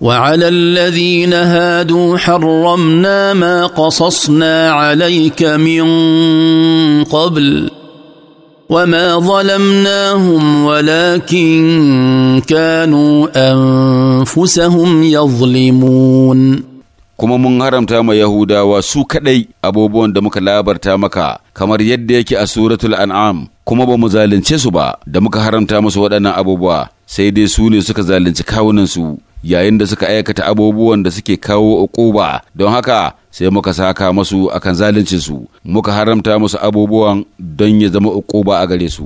وعلى الذين هادوا حرمنا ما قصصنا عليك من قبل وما ظلمناهم ولكن كانوا انفسهم يظلمون kuma mun haramta ma Yahudawa su kaɗai abubuwan da muka labarta maka kamar yadda yake a suratul an'am kuma ba mu zalunce su ba da muka haramta musu waɗannan abubuwa sai dai su ne suka zalunci kawunansu yayin da suka aikata abubuwan da suke kawo uquba don haka sai muka saka musu akan zaluncinsu muka haramta musu abubuwan don ya zama uquba a gare su